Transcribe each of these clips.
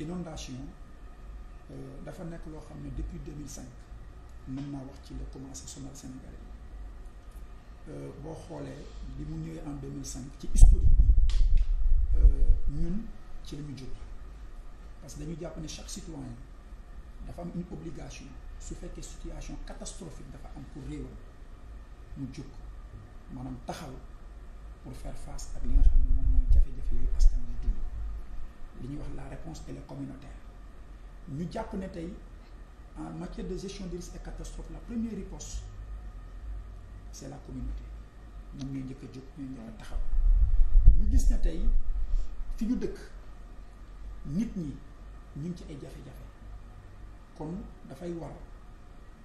inondation euh, dafa nekk loo xam ne depuis 2005 mën naa wax ci la commencé sonal Sénégalais euh, boo xoolee li mu ñëwee en 2005 ci historique euh, ñun ci la ñu jóg parce que dañu jàpp ne chaque citoyen dafa am une obligation su fekkee situation catastrophique dafa am pour réewam mu jóg maanaam taxaw pour faire face ak li nga xam ne moom mooy jafe-jafe yooyu askan wi dund li ñuy wax la réponse elle est communautaire ñu jàpp ne tey en matière de gestion des risques et catastrophes la première riposte c'est la communauté ñoom ñooy njëkk a jóg ñooy taxaw ñu gis ne tey fi ñu dëkk nit ñi ñu ngi ci ay jafe-jafe kon dafay war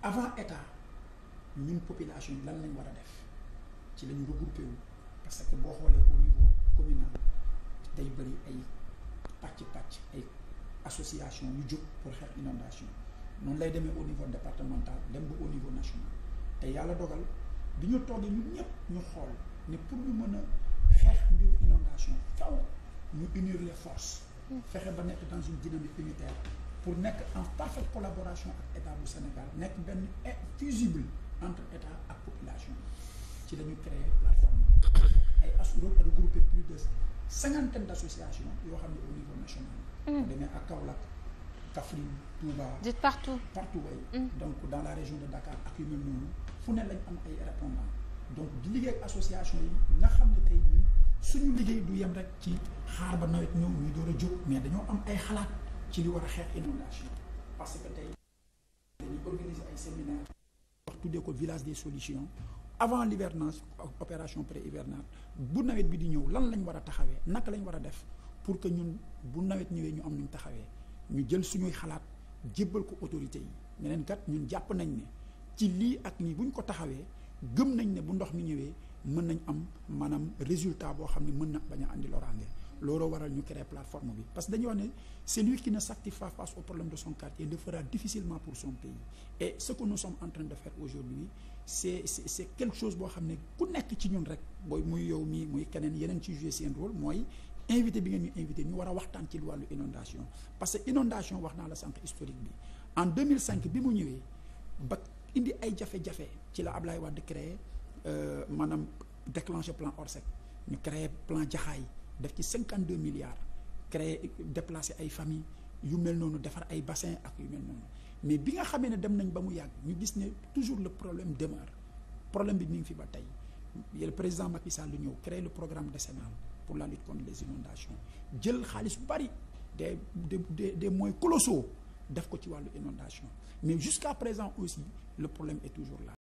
avant état ñun population lan lañ war a def ci lañu ñu regroupé parce que boo xoolee au niveau communal tey bëri ay pàcc pàcc ay association yu jóg pour xeex inondation noonu lay demee au niveau départemental dem ba au niveau national te yàlla dogal bi ñu toogee ñun ñëpp ñu xool ne pour ñu mën a xeex mbir inondation faw ñu unir les forces mm. fexe ba nekk dans une dynamique unitaire pour nekk en parfaite collaboration ak état bu Sénégal nekk benn fusible entre état ak population ci la ñu créer plateforme ay as regroupé plus de cinquantaine d' associations yoo xam ne au niveau national. demee mm. ak Kaolack Kaffrine Touba. dites partout partout way mm. donc dans la région de Dakar ak yu mel noonu fu ne lañ am ay répondants donc di liggéey ak association yi nga xam ne tey ñun suñu liggéey du yem rek ci xaar ba nawet ñëw ñu door a jóg mais dañoo am ay xalaat ci li war a xeex inondation parce que tey dañuy organiser ay séminaires wax de ko village des solutions avant l'hivernage opération pré-hivernage bu nawet bi di ñëw lan lañ war a taxawee naka lañ war a def pour que ñun bu nawet ñëwee ñu am nuñ taxawee ñu jël su ñuy xalaat jébbal ko autorité yi ne leen kat ñun jàpp nañ ne ci lii ak nii buñ ko taxawee gëm nañ ne bu ndox mi ñëwee mën nañ am maanaam résultat boo xam ne mën na bañ a andi looloo waral ñu créer plateforme bi parce que dañuy wax ne celui qui ne s'active pas face au problème de son quartier le fera difficilement pour son pays et ce que nous sommes en train de faire aujourd'hui c'est c'est quelque chose boo xam ne ku nekk ci ñun rek booy muy yow mii muy keneen yeneen ci jouer seen rôle mooy invité bi ngeen ñu invité ñu war a waxtaan ci wàllu inondation parce que inondation wax naa la centre historique bi en 2005 bi mu ñëwee ba indi ay jafe-jafe ci la Ablaye Wade créé euh, maanaam déclenché plan Orsec ñu créé plan Jaxaay def ci cinquante deux milliards créer déplacer ay famille yu mel noonu defar ay bassin ak yu mel noonu mais bi nga xamee ne dem nañ ba mu yàgg ñu gis ne toujours le problème demeure problème bi mi ngi fi ba tey le président Macky Sall lu ñëw créer le programme décennal pour la lutte contre les inondations jël xaalis bu de de des des moyens colossaux def ko ci wàllu inondation mais jusqu'à présent aussi le problème est toujours là